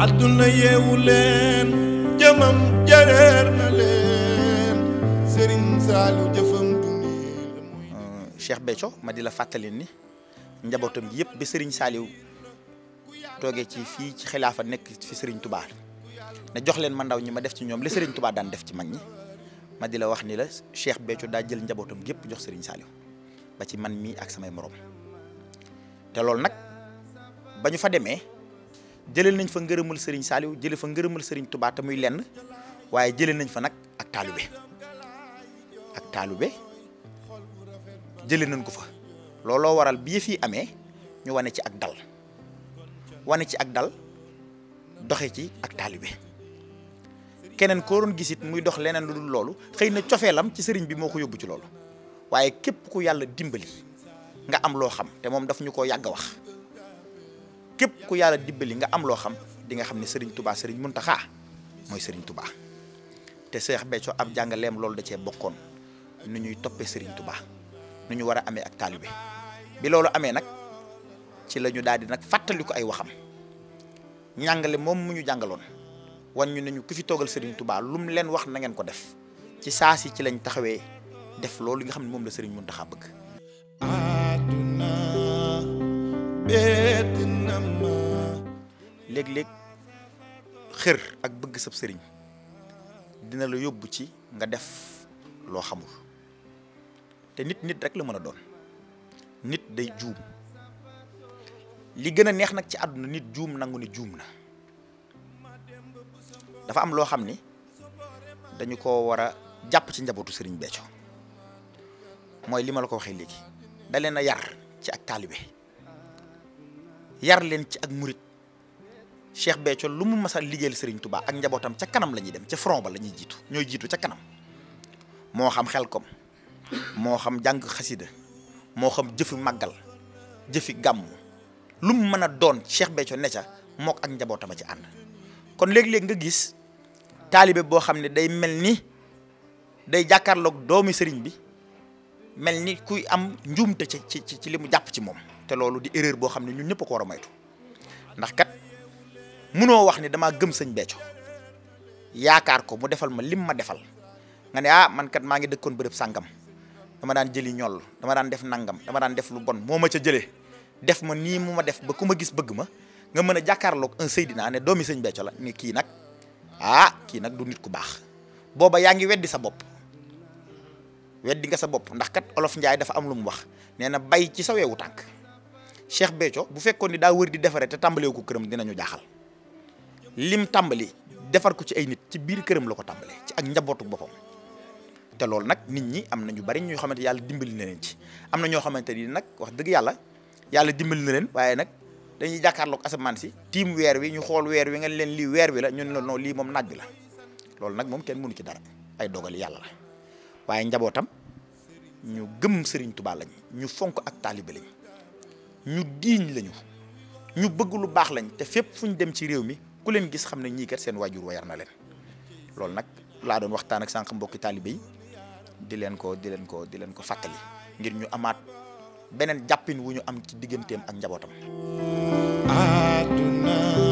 àdduna yeewu leen jëmam jëreer na leen sëriñ Saalu jëfam duni la muy euh, ma di la fàttali ni njabootam ji yëpp bi sëriñ Saaliw toogee ci fii ci xilaafa nekk fi sëriñ Touba ne jox leen ma ndaw ñi ma def ci ñoom li sëriñ Touba daan def ci mag ñi ma di la wax ni la Cheikh Béthio daa jël njabootam gépp jox sëriñ Saaliw ba ci man mii ak samay moroom te loolu nag ba ñu fa demee jëlee nañ fa ngërëmal Serigne Saliou jëlee fa ngërëmal Serigne tubaata muy lenn waaye jële nañ fa nag ak taalube ak taalube jëlee nañ ko fa looloo waral bi yëf yi amee ñu wane ci ak dal wane ci ak dal doxe ci ak taalube keneen koo doon gisit muy dox leneen lu dul loolu xëy na cofeelam ci sëriñ bi moo ko yóbbu ci loolu waaye képp ku yàlla dimbali nga am loo xam te moom daf ñu ko yàgg a wax képp ku yàlla dibbali nga am loo xam di nga xam ne sëriñ tubaa Touba mun taxaa mooy sëriñ tubaa te Cheikh Béthio ab jàngaleem loolu da cee bokkoon nu ñuy toppee sëriñ Touba nu ñu war a amee ak taalibe bi loolu amee nag ci la ñu daal di nag fàttali ay waxam ñàngale moom mu ñu jàngaloon wan ñu ne ñu ku fi toogal Serigne Touba lu mu leen wax nangeen ko def ci saa si ci lañ taxawee def loolu nga xam ne moom la sëriñ mun Mountakha bëgg. leg lek, xer ak bëgg sab sëriñ dina la yobbu ci nga def lo xamul té nit nit rek la mëna doon nit day juum li gëna neex nak ci aduna nit juum nangu ne juum na dafa am lo xamni dañu ko wara japp ci njabootu sëriñ Béthio moy lima la ko dalena yar ci ak talibé yar len ci ak murit Cheikh Béthio lu mu massa liguel Serigne Touba ak njabotam ca kanam la dem ca front ba la jitu ñoy jitu ca kanam mo xam kom mo xam jang khasside mo xam jëfi magal jëfi gam lu mu mën doon Cheikh Béthio ne ca mok ak njabotam ci and kon leg leg nga gis talibé bo xam day melni day jakarlok doomi serigne bi melni kuy am njumte ci ci ci li mu ci mom té lolu di erreur bo xam ñun ñëpp ko wara maytu ndax kat muno wax ni dama gëm señ beccu yaakar ko mu defal ma lim ma defal nga ne ah man kat ma ngi dekkon beurep sangam dama daan jeli ñol dama daan def nangam dama daan def lu bon moma ma ca jele def ma ni mu ma def ba kuma gis bëgg ma nga mëna a jàkkaarloog un sayidina ne domi señ beccu la ni ki nak ah ki nak du nit ku bax boba yaangi weddi sa bop weddi nga sa bop ndax kat olof Njaay dafa am lu mu wax neena bay ci sa weewu tànk Cheikh beccu bu fekkone da wër di defare te tàmbaleewu ko kërëm dinañu jaaxal lim tàmbali defar ko ci ay nit ci biir këram la ko tàmbalee ci ak njabootu boppam te loolu nag nit ñi am na ñu bari ñoo xamante yàlla dimbali na leen ci am na ñoo xamante ni nag wax dëgg yàlla yàlla dimbali na leen waaye nag dañuy jàkkaarloog asamaan si tiim weer wi ñu xool weer wi nga leen lii weer wi la ñun la noo lii moom naaj bi la loolu nag moom kenn mënu ci dara ay dogali yàlla la waaye njabootam ñu gëm sëriñ tubaal lañ ñu fonk ak taalibe lañ diiñ lañu ñu bëgg lu baax lañ te fépp fu dem ci réew mi. ku leen gis xam ne ñii kat seen waajur wa yar na leen loolu nag laa doon waxtaan ak sànq mbokki taalibe yi di leen ko di leen ko di leen ko fàttali ngir ñu amaat beneen jàppin wu ñu am ci digganteem ak njabootam. àdduna